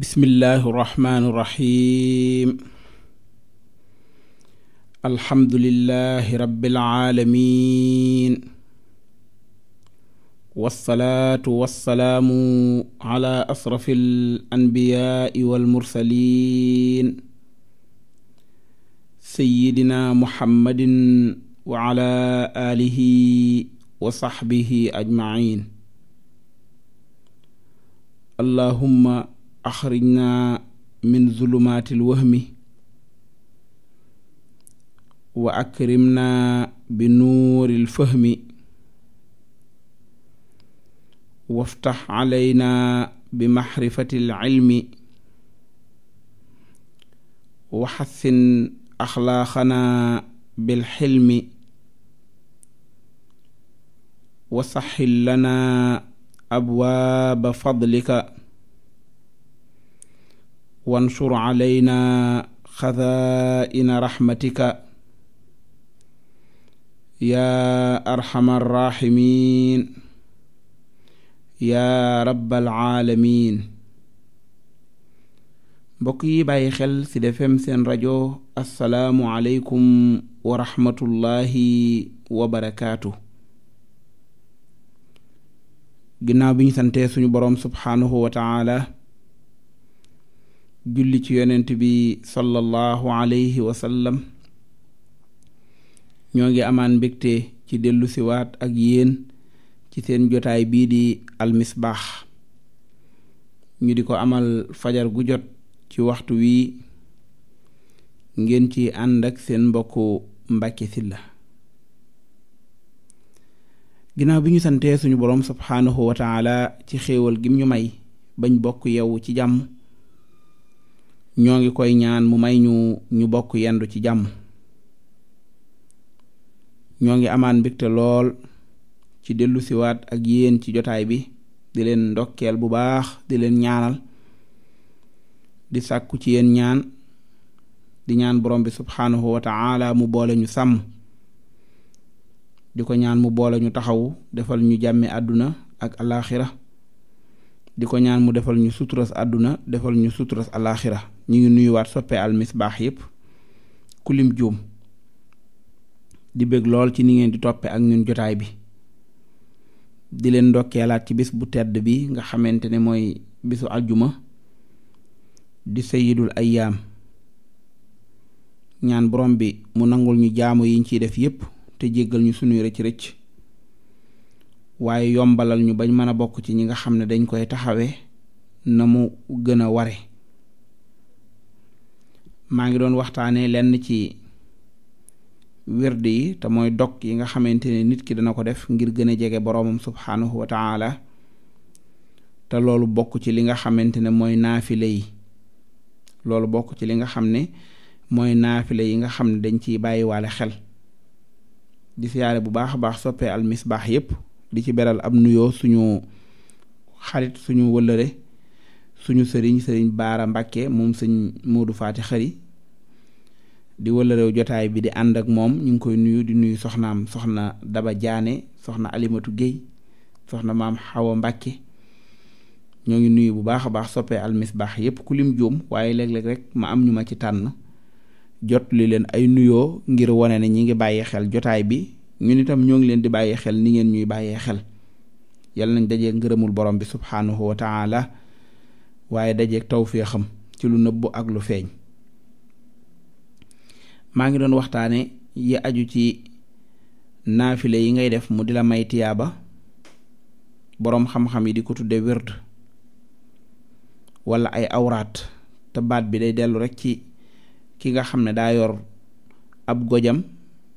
bismillahi irrahmani irrahim alhamdulilahi rabilaalamin walsalaatu walsalaamu ala asrafi alanbiyaai walmursalin sayidina muhammadin wa ala alihi wa saxbihi ajmain allahumma axrijna min zulumaatil wahmi wa akrimna bi nuuril fahmi waftax calayna bi maxrifatil cilmi waxasin axlaaqana bilxilmi wasaxil lana abwaaba fadlika wansur alayna xazaa'ina raxmatika yaa arxamar raximiin yaa rabbal aalamiin mbokk yi bàyyi xel ci Sud FM seen rajo assalaamu aleykum wa raxmatullaahi wa barakaatu ginnaaw bi santee suñu boroom subxaanahu wa taala julli ci yonent bi sallallahu alayhi wa ñoo ngi amaan mbégte ci dellu siwaat ak yéen ci seen jotaay bii di almisbaax ñu di ko amal fajar gu jot ci waxtu wi ngeen ci ànd ak seen mbokku Mbàkke Sylla ginnaaw bi ñu santee suñu boroom subhaanahu wa taala ci xéewal gi ñu may bañ bokk yow ci jàmm ñoo ngi koy ñaan mu may ñu ñu bokk yendu ci jàmm ñoo ngi amaan mbégte lool ci dellusiwaat ak yéen ci jotaay bi di leen ndokkeel bu baax di leen ñaanal di sàkku ci yéen ñaan di ñaan borom bi subxanahu wa mu boole ñu sàmm di ko ñaan mu boole ñu taxawu defal ñu jàmmi àdduna ak alaaxira di ko ñaan mu defal ñu suturas àdduna defal ñu suturas alaaxira ñu ngi nuyuwaat soppee Al Misbah yëpp ku lim juum di bëgg lool ci ni ngeen di toppee ak ñun jotaay bi di leen ndokkeelaat ci bis bu tedd bi nga xamante ne mooy bisu ajjuma di ay ayyaam ñaan borom bi mu nangul ñu jaamu yiñ ciy def yépp te jéggal ñu sunuy rëcc rëcc waaye yombalal ñu bañ mën a bokk ci ñi nga xam ne dañ koy taxawee na mu gën a ware maa ngi doon waxtaanee lenn ci wird yi te mooy dog yi nga xamante ne nit ki dana ko def ngir gën a jege boroomam subhaanahu wa taala te loolu bokk ci li nga xamante ne mooy naafile yi loolu bokk ci li nga xam ne mooy naafile yi nga xam ne dañ ciy bàyyiwaale xel di siyaare bu baax a baax soppee al almisbaax yépp di ci beral ab nuyoo suñu xarit suñu wëllëre suñu sëriñ sëriñ Baara Mbàkke moom sëñ Moodu Faati Xari di wëlarew jotaay bi di ànd ak moom ñu ngi koy nuyu di nuyu soxnaam soxna Daba Jaane soxna Alimatu Géy soxna maam Xawa Mbàkke ñoo ngi nuyu bu baax a baax soppee baax yépp ku lim jóom waaye léeg-léeg rek ma am ñu ma ci tànn jot li leen ay nuyoo ngir wane ne ñi ngi bàyyi xel jotaay bi ñu itam ñoo ngi leen di bàyyi xel ni ngeen ñuy bàyyee xel yal nañ dajee ngërëmul borom bi subhaanahu wa taala waaye taw dajeeg tawféexam ci lu nëbbu ak lu feeñ maa ngi doon waxtaane yi aju ci naafile yi ngay def mu di la may tiyaaba boroom xam-xam yi di ko tudde wird wala ay awraat te baat bi day dellu rekk ci ki nga xam ne daa yor ab gojam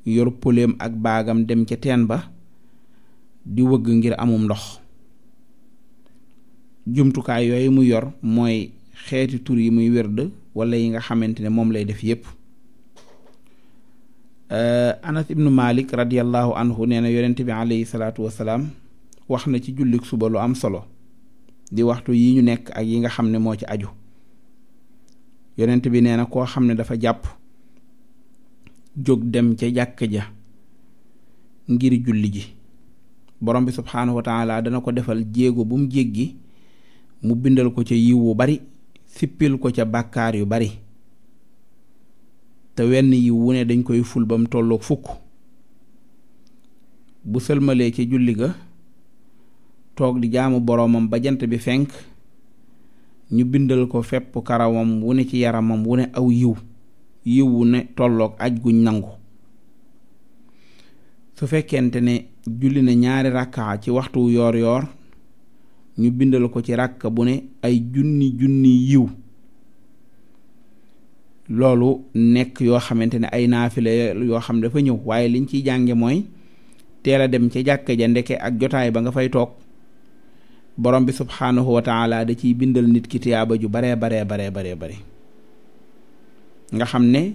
yor poléem ak baagam dem ca teen ba di wëgg ngir amum ndox jumtukaay yooyu mu yor mooy xeeti tur yi muy wérd walla yi nga xamante ne moom lay def yépp euh, anas ibnu malik radiallahu anhu nee na yonent bi alayhi salaatu wasalaam wax na ci jullik suba lu am solo di waxtu yi ñu nekk ak yi nga xam ne moo ci aju yonent bi nee na koo xam ne dafa jàpp jóg dem ca jàkk ja ngir julli ji borom bi subhaanahu wa dana ko defal jéego bu mu jéggi mu bindal ko ca yiw wu bari sippil ko ca bakkaar yu bari te wenn yiw wu ne dañ koy ful bam tolloog fukk bu sëlmalee ca julli ga toog di jaamu boroomam ba jant bi fenk ñu bindal ko feppu karawam wu ne ci yaramam wu ne aw yiw yiw wu ne tolloog aj guñ nangu su fekkente ne julli na ñaari rakkaa ci waxtu yoor yoor ñu bindal ko ci ràkk bu ne ay junni junni yiw loolu nekk yoo xamante ne ay naafila yoo xam dafa ñëw waaye liñ ciy jànge mooy teel a dem ca jàkka ja ndeke ak jotaay ba nga fay toog borom bi subhaanahu wa taala da ciy bindal nit ki tiyaaba ju baree baree baree baree bare nga xam ne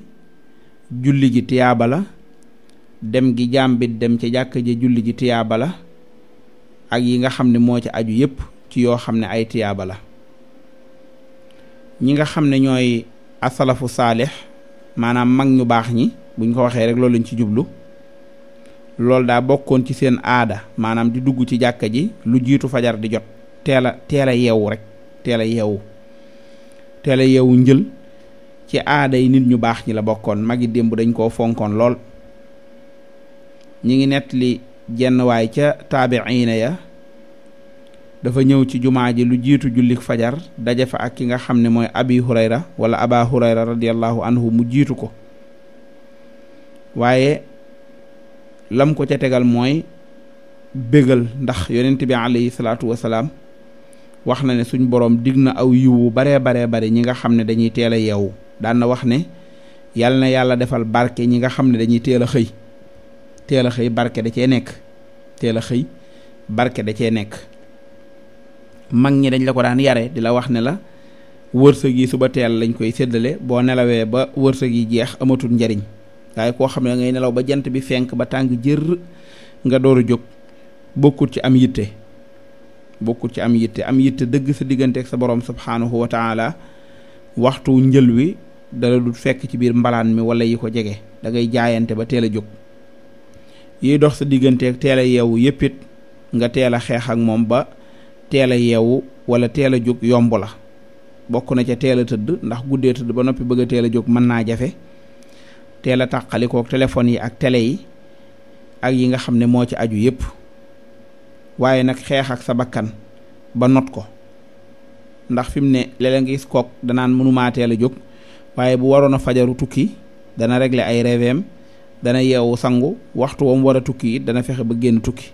julli gi tiyaaba la dem gi jaam dem ca jàkka ja julli gi tiyaaba la ak yi nga xam ne moo ci aju yépp ci yoo xam ne ay tiyaaba la ñi nga xam ne ñooy asalafu saalix maanaam mag ñu baax ñi buñ ko waxee rek loolu lañ ci jublu loolu daa bokkoon ci seen aada maanaam di dugg ci jàkka ji lu jiitu fajar di jot teel a teel a yeewu rek teel a yeewu teela a yeewu njël ci aada yi nit ñu baax ñi la bokkoon magi démb dañ koo fonkoon lool ñi ngi nettali jenn waay ca taabiina ya dafa ñëw ci jumaa ji lu jiitu julli fajar daje fa ak ki nga xam ne mooy abi hurayra wala aba hurayra radiallahu anhu mu jiitu ko waaye lam ko ca tegal mooy bégal ndax yonent bi alayhi salaatu wasalaam wax na ne suñ borom dig na aw yiwu baree bare bare ñi nga xam ne dañuy teel a yeewu daan na wax ne yal na yàlla defal barke ñi nga xam ne dañuy teel a xëy teel a xëy barke da cee nekk teel a xëy barke da cee nekk mag ñi dañ la ko daan yare di la wax ne la wërsëg yi suba teel lañ koy séddale boo nelawee ba wërsëg yi jeex amatul njariñ waaye koo xam ne dangay nelaw ba jant bi fenk ba tàng jër nga door jóg bokkut ci am yitte bokkut ci am yitte am yitte dëgg sa diggante ak sa borom subhaanahu wa taala waxtu njël wi dala du fekk ci biir mbalaan mi wala yi ko jege da ngay jaayante ba teel a jóg yiy dox sa digganteeg teel a yeewu yëpp it nga teel a xeex ak moom ba teel a yeewu wala teel a jóg yomb la bokk na ca teel a tëdd ndax guddee tëdd ba noppi bëgg a teel a jóg mën naa jafe teel a tàqalikook téléphone yi ak télé yi ak yi nga xam ne moo ci aju yëpp waaye nag xeex ak sa bakkan ba not ko ndax fi mu ne léeg-léeg nga gis kook danaan mënumaa teel a jóg waaye bu waroon a fajaru tukki dana régler ay rêveem dana yeewu sangu waxtu wam war a tukki it dana fexe ba génn tukki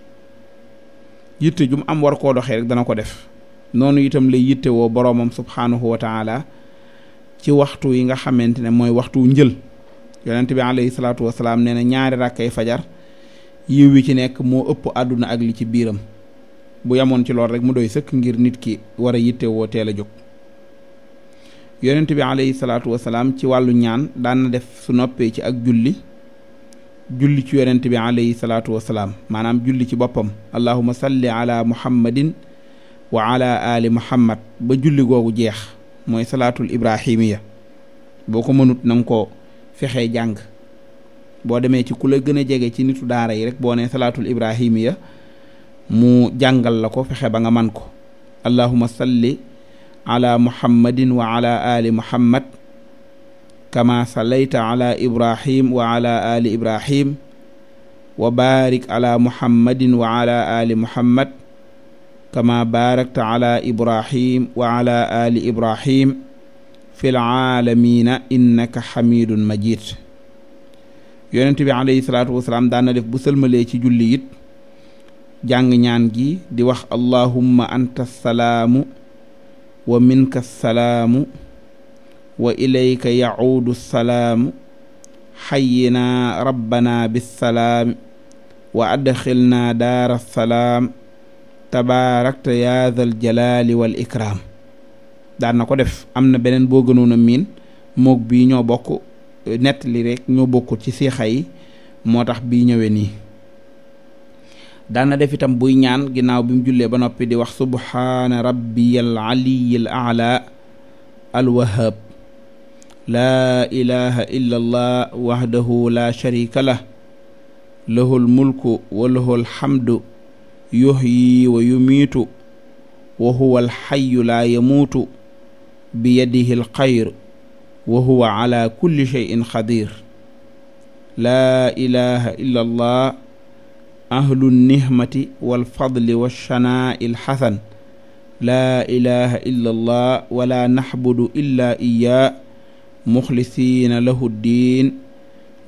yitte jum am war koo doxee rek dana ko def noonu itam lay yitte woo boroomam subhaanahu wa taala ci waxtu yi nga xamante ne mooy waxtu njël yonent bi alayhi salaatu wasalaam nee na ñaari rakkay fajar yiw wi ci nekk moo ëpp àdduna ak li ci biiram bu yamoon ci lool rek mu doy sëkk ngir nit ki war a yitte woo teel a jóg yonent bi alayhi salaatu wasalaam ci wàllu ñaan daan def su noppee ci ak julli julli ci yonent bi alayhi salaatu wasalaam maanaam julli ci boppam allahuma salli ala muhammadin wa ala ali muhammad ba julli googu jeex mooy salaatul ibrahimiya boo ko mënut na ko fexe jàng boo demee ci ku la gën a jege ci nitu daara yi rek boo nee salaatul ibrahimiya mu jàngal la ko fexe ba nga man ko allahuma salli ala muhammadin wa ala ali muhammad kama salayta ala ibrahim wa ala ali ibrahim wa barik ala muhammadin wa ali muhammad kama barakta ibrahim wa ali ibrahim fi laalamina innaka xamidun majid yonent bi alayhi salaatu wasalaam daan na def bu sëlmalee ci julli it di wax allahumma anta salaamu wa minka salaamu wa ilayka yacuudu salaamu xayyinaa rabbanaa bissalaam wa adxilnaa daara salaam tabaarakta yaa zal jalaali wal ikraam daan ko def am na beneen boo gënoon miin moog bii ñoo bokk nett li rek ñoo bokkul ci siixa yi moo tax bi ñëwee nii daana def itam buy ñaan ginnaaw bi mu jullee ba noppi di wax subhaana rabbiyal aliyil ala alwahab laa ilaha illa allah waxdahu la sharika lah lahul mulku wa lahul xamdu yuhyi wa yumiitu wa huwa alxayu laa yamuutu bi yadihi alxayr wa huwa ala kulli cheyin xadir laa ilaha illa allah ahlu nihmati walfadli walshanaa'i alxasan laa ilaha illa allah wala naxbudu illa iya muxlisiina lahu ddiin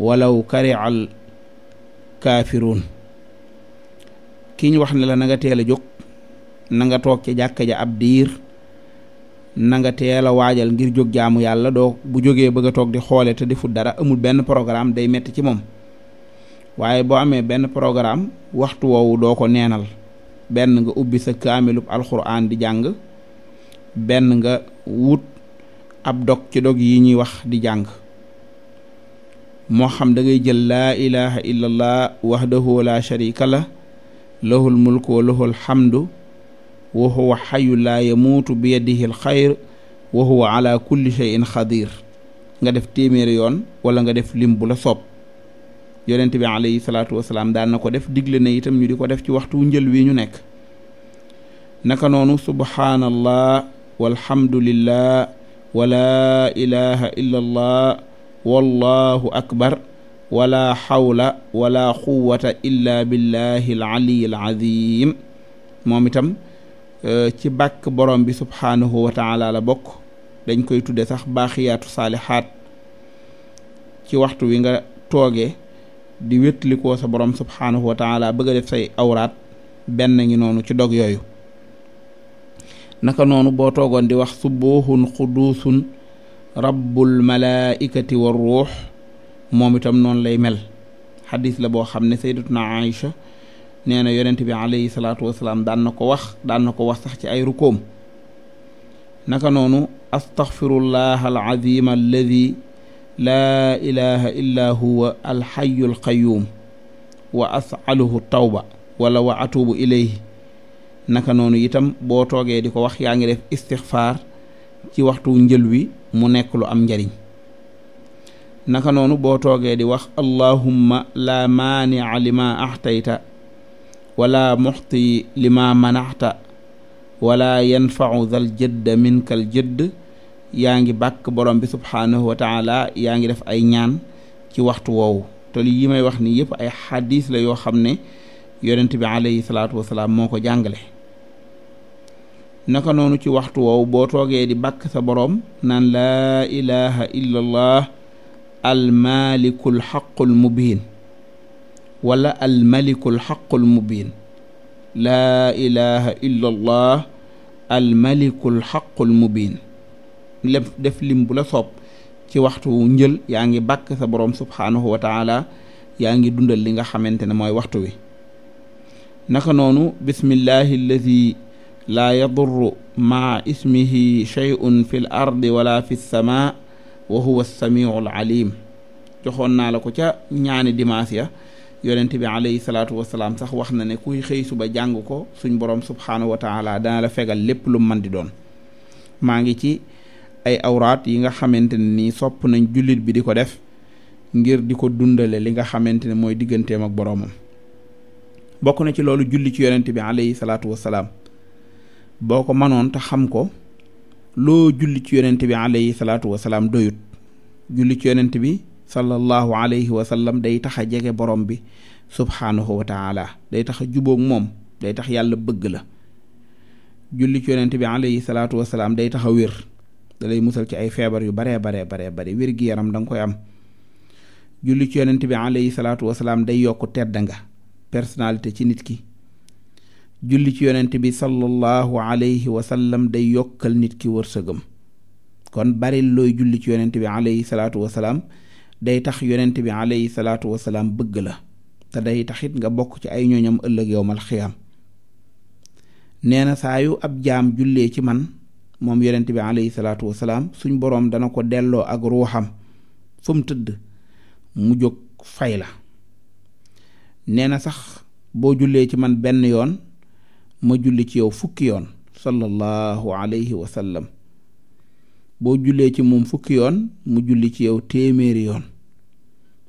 walaw karial kaafiruun ki ñu wax ne la na nga teel a jóg na nga toog ca jàkka ja ab diir na nga teel a waajal ngir jóg jaamu yàlla doo bu jógee bëgg a toog di xoole te deful dara amul benn programme day metti ci moom waaye boo amee benn programme waxtu woowu doo ko neenal benn nga ubbi sa kaamilub alxuraan di jàng benn nga wut ab dog ci dog yi ñuy wax di jàng moo xam dangay jël laa ilaha illallah wahdahu la sharika la lahul mulku wa lahul hamdu wa huwa xayu laa yamuutu bi yadihi al xayr wa huwa ala kulli shay'in xadir nga def téeméeri yoon wala nga def lim bu la soob yonent bi alayhi salaatu wasalaam daan na ko def digle na itam ñu di ko def ci waxtu njël wi ñu nekk naka noonu subhaanallah walhamdulillah wala ilaha illa allah wallahu akbar wala xawla wala quwata illa billahi al aliyi moom itam e, ci bàkk borom bi subhaanahu wa la bokk dañ koy tudde sax baaxiyaatu saalixaat ci waxtu wi nga tooge di wétlikoo sa borom subhaanahu wa taala bëgg a def say awraat benn ngi noonu ci dog yooyu naka noonu boo toogoon di wax subuuhun quduusun rabbul malaaikati wa ruux moom itam noonu lay mel xadis la boo xam ne saydatuna Aïcha nee na yonent bi alayhi salaatu wasalaam daan na ko wax daan na ko wax sax ci ay rukoom naka noonu astaxfirullah al azim alladi laa ilaha illa huwa alxayu alqayuum wa asaluhu tawba wala wa atuubu ilayhi naka noonu itam boo toogee di ko wax yaa ngi def istixfaar ci waxtu njël wi mu nekk lu am njariñ naka noonu boo toogee di wax allahumma la maanica lima axtayta wala muxti lima manaxta wala yanfacu dal jëdd minkal jëdd yaa ngi bàkk borom bi subhaanahu wa taala yaa ngi def ay ñaan ci waxtu woowu te li yi may wax ni yëpp ay xadis la yoo xam ne yonent bi alayhi salaatu wasalaam moo ko jàngale naka noonu ci waxtu woowu boo toogee di bàkk sa boroom naan laa ilaha illa allah xaqul mubiin wala almalikul xaqul mubiin laa ilaha illa allah almalikul xaqul mubiin lem def lim la soob ci waxtu njël yaa ngi bàkk sa boroom subhaanahu wa taala yaa ngi dundal li nga xamante ne mooy waxtu wi naka noonu bismillahi laa yadurru maa ismihi shay'un fi ardi wala fi sama wa huwa samiu alim joxoon naa la ko ca ñaani dimaas ya yonent bi alayhi salaatu wasalaam sax wax na ne kuy xëy suba jàng ko suñ borom subhaanahu wa taala dana la fegal lépp lu mën di doon maa ngi ci ay awraat yi nga xamante ne nii sopp nañ jullit bi di ko def ngir di ko dundale li nga xamante ne mooy digganteem ak boroomam bokk na ci loolu julli ci yonent bi alayhi salaatu wasalaam boo ko manoon te xam ko loo julli ci yonent bi alayhi salaatu wasalaam doyut julli ci yonent bi sallallahu alayhi wa sallam day tax a jege borom bi subhaanahu wa day tax a jubóog moom day tax yàlla bëgg la julli ci yonent bi alayhi salaatu wasalaam day tax a wér da lay musal ci ay feebar yu baree baree baree bare wér gi yaram da nga koy am julli ci yonent bi alayhi salaatu wasalaam day yokk tedd nga personnalité ci nit ki julli ci yonent bi sallallahu alayhi wa sallam day yokkal nit ki wërsëgam kon bari looy julli ci yonent bi alayhi salaatu salaam day tax yonent bi alayhi salaatu salaam bëgg la te day taxit nga bokk ci ay ñooñam ëllëg yowmal xiyaam nee na saa yu ab jaam jullee ci man moom yonent bi alayhi salaatu salaam suñ boroom dana ko delloo ak ruuxam fu mu tëdd mu jóg fay la nee na sax boo jullee ci man benn yoon ma julli ci yow fukki yoon sallallahu alayhi wa sallam boo jullee ci moom fukki yoon mu julli ci yow téeméeri yoon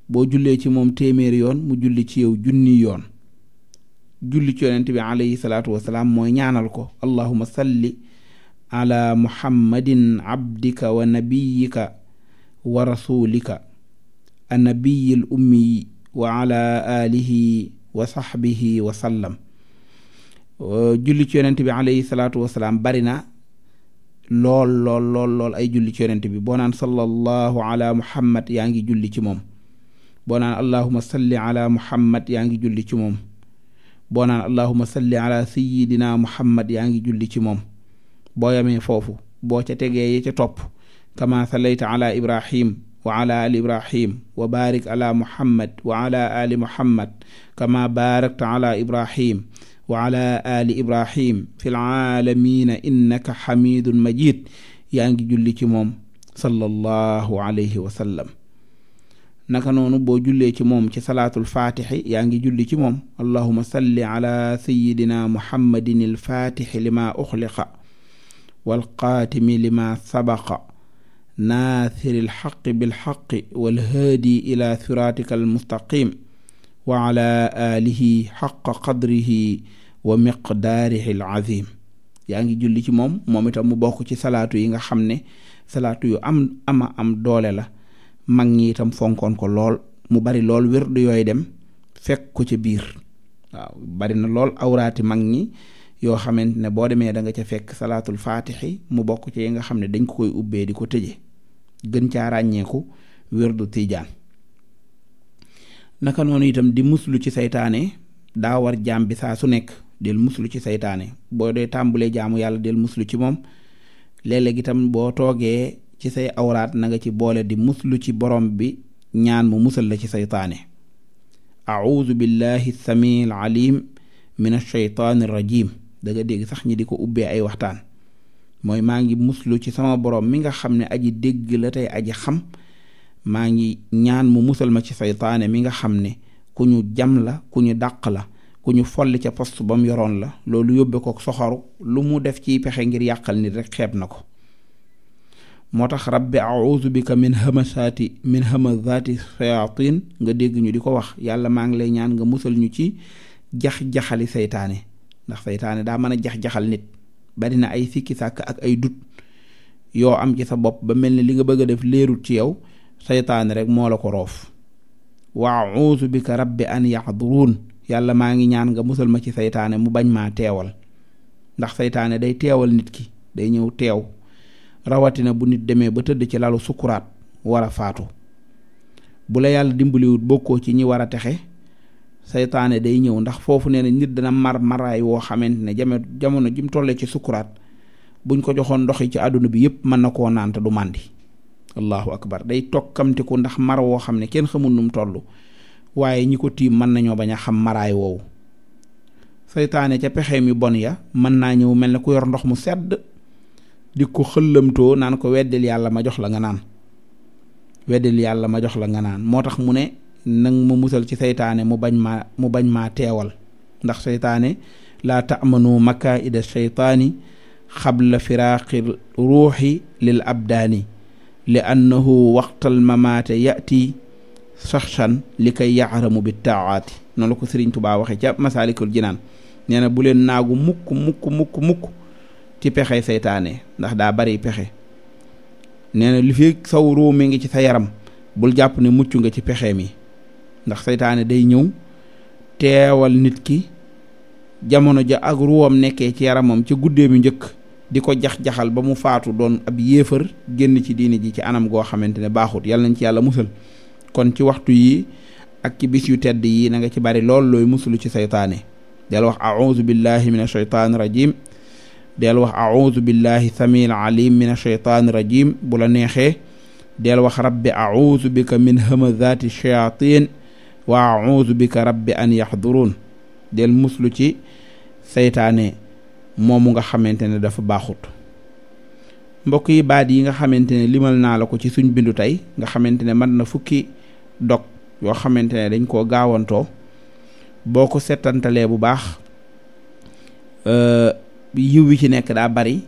boo jullee ci moom téeméeri yoon mu julli ci yow junni yoon julli ci yonent bi alayhi salaatu wasalaam mooy ñaanal ko allahuma salli ala muhammadin abdika wa nabiyika wa rasulika annabiyil ummi wa ala alihi wa sahbihi wa Euh, julli ci yonent bi alayhi salaatu wasalaam bari na lool lool lool ay julli ci yonent bi boo naan sallallahu ala muhammad yaa ngi julli ci moom boo naan allahuma ala muhammad yaa ngi julli ci moom boo naan allahuma muhammad yaa ngi julli ci moom boo yamee foofu boo ca tegee yi ca topp kama sallayta ala ibrahim wa ala ali ibrahim wa barik ala muhammad wa ali muhammad kama barakta ala ibrahim wa ala ali ibrahim fi laalamina innaka xamidun majid yaa ngi julli ci moom sallallahu alayhi wa sallam naka noonu boo jullee ci moom ci salaatul fatixi yaa ngi julli ci moom allahuma salli ala sayidina muhammadin alfatixi lima uxliqa walxaatimi lima sabaqa naasiri alxaqi bilxaqi walhaadi ila siraatika almustaqim wa ala alihi xaqa qadrihi wa miqdaarihi l azim yaa ngi julli ci moom moom itam mu bokk ci salaatu yi nga xam ne salaatu yu am ama am doole la mag ñi itam fonkoon ko lool mu bari lool wérdu yooy dem fekk ko ci biir waaw bari na lool awraati mag ñi yoo xamante ne boo demee da nga ca fekk salaatul faatixi mu bokk ci yi nga xam ne dañ ko koy ubbee di ko tëje gën caa ràññeeku wérdu tiijaan naka noonu itam di muslu ci saytaane daa war jaam bi saa su nekk del muslu ci seytaane boo dee tàmbulee jaamu yàlla del muslu ci moom léeg-léeg itam boo toogee ci say awraat na nga ci boole di muslu ci borom bi ñaan mu musal la ci saytaane audu billahi sami al alim min ashaytaani rajim da dégg sax ñi di ko ubbee ay waxtaan mooy maa ngi muslu ci sama borom mi nga xam ne aji dégg la tey aji xam maa ngi ñaan mu musal ma ci saytaane mi nga xam ne ku ñu jam la ku ñu dàq la ku ñu folli ca poste ba mu yoroon la loolu yóbbe ko soxoru lu mu def ciy pexe ngir yàqal nit rek xeeb na ko moo tax rabbi audu bika min hamasaati min hamazaati shayatin nga dégg ñu di ko wax yàlla maa ngi lay ñaan nga musal ñu ci jax-jaxali seytaane ndax seytaane daa mën a jax-jaxal nit bari na ay sikki sàkk ak ay dut yoo am ci sa bopp ba mel ni li nga bëgg a def leerut ci yow seytaane rek moo la ko roof wa audu bika rabbi an yaxduruun yàlla maa ngi ñaan nga musal ma ci seytaane mu bañ maa teewal ndax seytaane day teewal nit ki day ñëw teew rawatina bu nit demee ba tëdd ci lalu sukkuraat war faatu bu la yàlla dimbaliwut bokkoo ci ñi war a texe saytaane day ñëw ndax foofu nee na nit dana mar maraay woo xamante ne jame jamono jim tollee ci sukkuraat buñ ko joxoon ndox yi ci àdduna bi yépp mën na koo naan te du màndi allahu akbar day tokkamtiku ndax mar woo xam ne kenn xamul num toll waaye ñi ko tiim mën nañoo bañ a xam maraay woowu seytaane ca pexeem mi bon ya mën naa ñëw mel ne ku yor ndox mu sedd di ko xëllamtoo naan ko weddil yàlla ma jox la nga naan weddil yàlla ma jox la nga naan moo tax mu ne nag ma musal ci seytaane mu bañ maa mu bañ maa teewal ndax seytaane laa taamanu makaida seytaani xabla firaaqi ruuxi lil abdaani li annahu waqtal mamaate yati saxsan li kay yaxaramu bi taaati noonu la ko Sëriñ Tubaa waxe ca Masaalikul Jinaan nee na bu leen naagu mukk mukk mukk mukk ci pexe seytaane ndax daa bari pexe nee na li fi saw ruu mi ngi ci sa yaram bul jàpp ne mucc nga ci pexe mi ndax seytaane day ñëw teewal nit ki jamono ja ak ruwam nekkee ci yaramam ci guddee mi njëkk di ko jax-jaxal ba mu faatu doon ab yéefar génn ci diini ji ci anam goo xamante ne baaxut yàlla nañ ci yàlla musal kon ci waxtu yi ak kibis yu tedd yii na nga ci bari lool looy musulu ci seytaane del wax auzu billahi min asheytaani rajim del wax auzu sami samiil alim min asheytaani rajim bu la neexee del wax rabbi auzu bika min hamazaati shayatin wa auzu bika rabbi an yaxduruun del muslu ci seytaane moomu nga xamante ne dafa baaxut mbokk yi baat yi nga xamante ne limal naa la ko ci suñ bindu tey nga xamante ne na fukki dog yoo xamante ne dañ koo gaawantoo boo ko setantalee bu baax euh, yiw wi ci nekk daa bari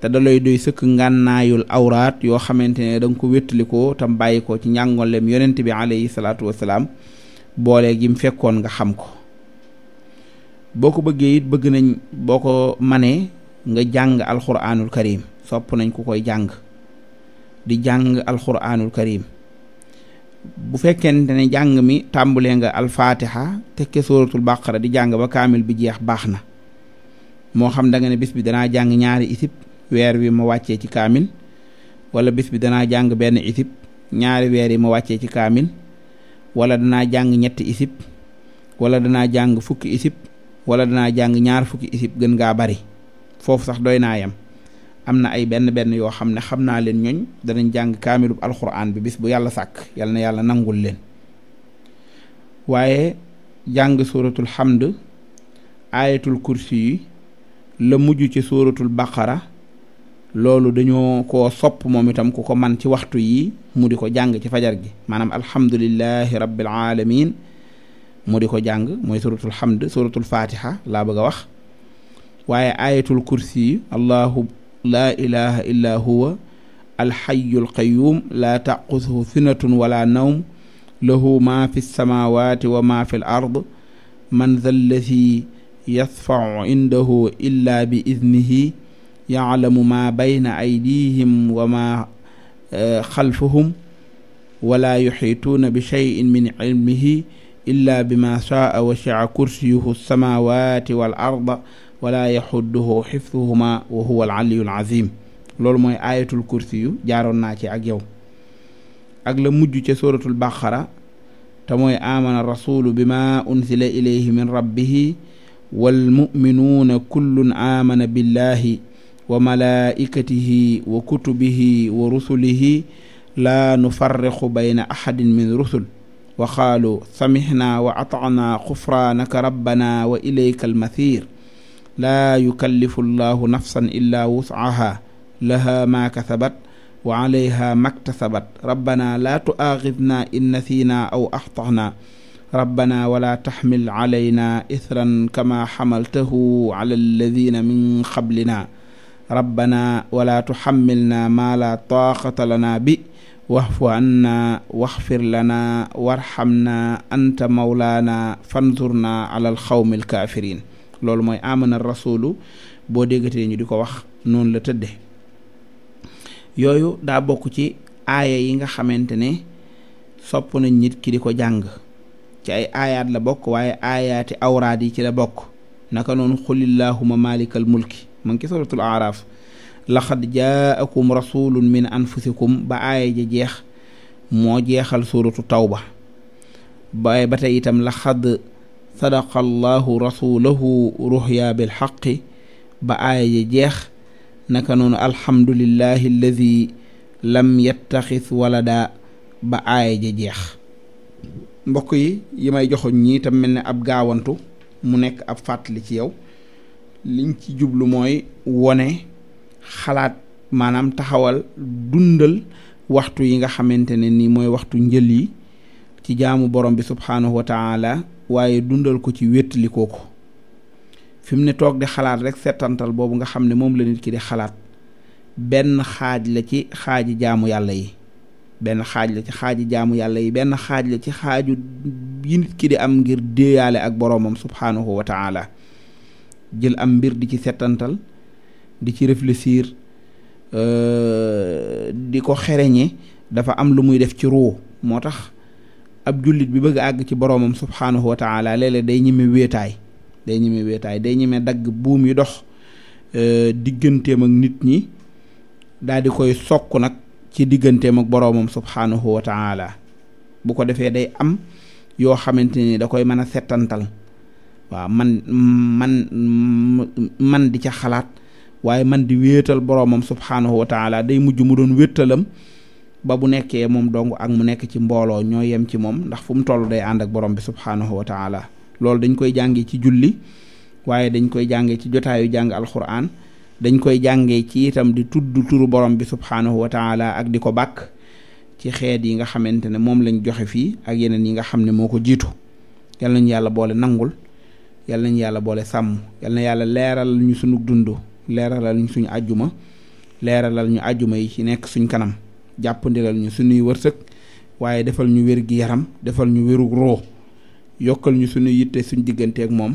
te da lay doy sëkk ngànnaayul awraat yoo xamante ne danga ko wéttalikoo tam bàyyi ko ci njàngolem yonent bi alayhi salaatu wasalaam boolee gi mu fekkoon nga xam ko boo ko bëggee it bëgg nañ boo ko manee nga jàng alxuraanul karim sopp nañ ku koy jàng di jàng alxuraanul kariim bu fekkente ne jàng mi tàmbulee nga alfaatiha tekke sóoratul bàqara di jàng ba kaamil bi jeex baax na moo xam danga ne bis bi danaa jàng ñaari isib weer wi ma wàccee ci kaamil wala bis bi danaa jàng benn isib ñaari weer yi ma wàccee ci kaamil wala danaa jàng ñetti isib wala danaa jàng fukki isib wala danaa jàng ñaar fukki isib gën ngaa bari foofu sax doy naa yam am na ay benn benn yoo xam ne xam naa leen ñooñ danañ jàng kaamilu kaamilub alxuraan bi bis bu yàlla sàkk yàlla na yàlla nangul leen waaye jàng suuratul xamd aayatul kursi yi la mujj ci suuratul baqara loolu dañoo ko sopp moom itam ku ko man ci waxtu yi mu di ko jàng ci fajar gi maanaam alhamdulillahi rabbil alamin mu di ko jàng mooy suuratul xamd suuratul fatiha laa bëgg a wax waaye aayatul kursi yi allahu laa ilaha illa huwa alxayu alqayuum laa taqusuhu sinatun wala nawm lahu ma fi lsamawati wa ma fi l ard man dha alladi yasfaau indahu illa bi idnihi yaalamu ma bayna aydihim wa ma xalfahum eh, wala yuxiituuna bi cheyin min cilmihi illa bima saa wa shia kursiyuhu lsamawati wal arda wala yaxudduhu xifduhuma wa huwa al aliyul azim loolu mooy ayatul kursi yu jaaroon naa ci ak yow ak la mujj ca suratul baqara te mooy amana rasulu bima unsila ilayhi min rabbihi wal muminuuna kullun amana billahi wa malaikatihi wa kutubihi wa rusulihi laa nufarriqu bayna ahadin min rusul wa qaalu samixnaa wa atacnaa xufraanaka rabbana wa ilayka almasir laa yukallifu llahu nafsan illa wusaaha laha maa kasabat wa alayha maktasabat rabbana laa tuaaxidna in nasiina aw axtaxna rabbana wala taxmil alayna isran kama xamaltahu ala alladina min qablina rabbana wala tuxammilna maa laa taaqata lana bi waxfu anna waxfir lana warxamna anta mawlaana fanzurna ala alxawmi alkaafirin loolu mooy amana rasulu boo déggatee ñu di ko wax noonu la tëdde yooyu daa bokk ci aaya yi nga xamante ne sopp nañ nit ki di ko jàng ci ay aayaat la bokk waaye aayaati awraad yi ci la bokk naka noonu xulillahuma malikal mulki mu ngi ci suratul aaraaf laqad jaakum rasulun min anfusikum ba aaya ja jeex moo jeexal suratu tawba ba ba tey itam laqad sadaqallahu rasulahu ruhya bil xaqi ba aaya jeex naka noonu alhamdulillahi alladi lam yattaxis walada ba aaya jeex mbokk yi yi may joxoñ ñii tam mel ni ab gaawantu mu nekk ab fàttali ci yow liñ ci jublu mooy wone xalaat maanaam taxawal dundal waxtu yi nga xamante ne ni mooy waxtu njël yi ci jaamu borom bi subhaanahu wa waaye dundal ko ci wéttali ko fi mu ne toog di xalaat rek setantal boobu nga xam ne moom la nit ki di xalaat benn xaaj la ci xaaji jaamu yàlla yi benn xaaj la ci xaaji jaamu yàlla yi benn xaaj la ci xaaju yi nit ki di am ngir déeyaale ak boroomam subhaanahu wa taala jël am mbir di ci setantal di ci réfléchir euh, di ko xereñe dafa am lu muy def ci ruu moo tax ab jullit bi bëgg àgg ci boroomam subhaanahu wa taala léeg-léeg day ñeme wéetaay day ñeme wéetaay day ñeme dagg buum yi dox euh, digganteem ak nit ñi daal di koy sokk nag ci digganteem ak boroomam subhaanahu wa taala bu ko defee day am yoo xamante ni da koy mën a settantal waaw man man man di ca xalaat waaye man di wéetal boroomam subhaanahu wa taala day mujj mu doon wéttalam ba bu nekkee moom dong ak mu nekk ci mbooloo ñoo yem ci moom ndax fu mu toll day ànd ak borom bi subhaanahu wa taala loolu dañ koy jàngee ci julli waaye dañ koy jàngee ci jotaayu jàng alxuraan dañ koy jàngee ci itam di tudd turu borom bi subhaanahu wa taala ak di ko bàkk ci xeet yi nga xamante ne moom lañ joxe fii ak yeneen yi nga xam ne moo ko jiitu yal nañu yàlla boole nangul yal nañu yàlla boole sàmm yal na yàlla leeral ñu sunu dund leeralal ñu suñu àjjuma leeralal ñu àjjuma yi ci nekk suñ kanam jàppandilal ñu suñuy wërsëg waaye defal ñu wér gi yaram defal ñu wérug roo yokkal ñu suñu yitte suñ digganteeg moom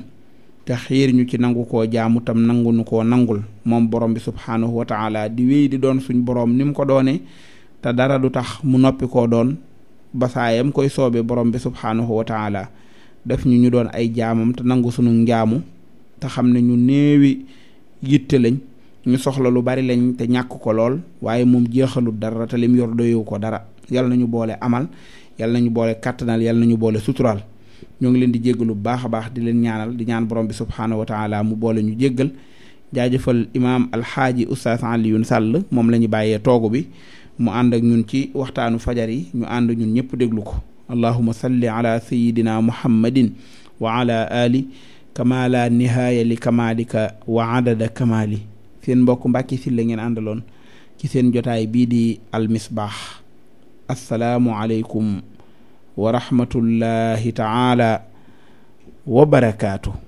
te xiir ñu ci nangu ko jaamu tam nangu nu koo nangul moom borom bi subhaanahu wa taala di wéy di doon suñ borom ni mu ko doonee te dara du tax mu noppi koo doon basaayam koy soobe borom bi subhaanahu wa taala def ñu ñu doon ay jaamam te nangu sunu njaamu te xam ne ñu néewi yitte lañ ñu soxla lu bari lañ te ñàkk ko lool waaye moom jéexalul dara te lim yor doyewu ko dara yal nañu boole amal yal nañu boole kàttanal yal nañu boole suturaal ñoo ngi leen di jéggalu lu baax a baax di leen ñaanal di ñaan borom bi subhaanahu wa taala mu boole ñu jéggal jaajëfal imaam alxaaji oustaz Alioune Sall moom la ñu bàyyee toogu bi mu ànd ak ñun ci waxtaanu fajar yi ñu ànd ñun ñëpp déglu ko allahuma salli ala sayidina muhammadin wa ala ali kamala nihaaya li kamalika wa adada kamali seen mbokk Mbàkke Sylla ngeen àndaloon ci seen jotaay bii di Al Misbah assalaamu aleykum wa rahmatullahi taala wa barakaatu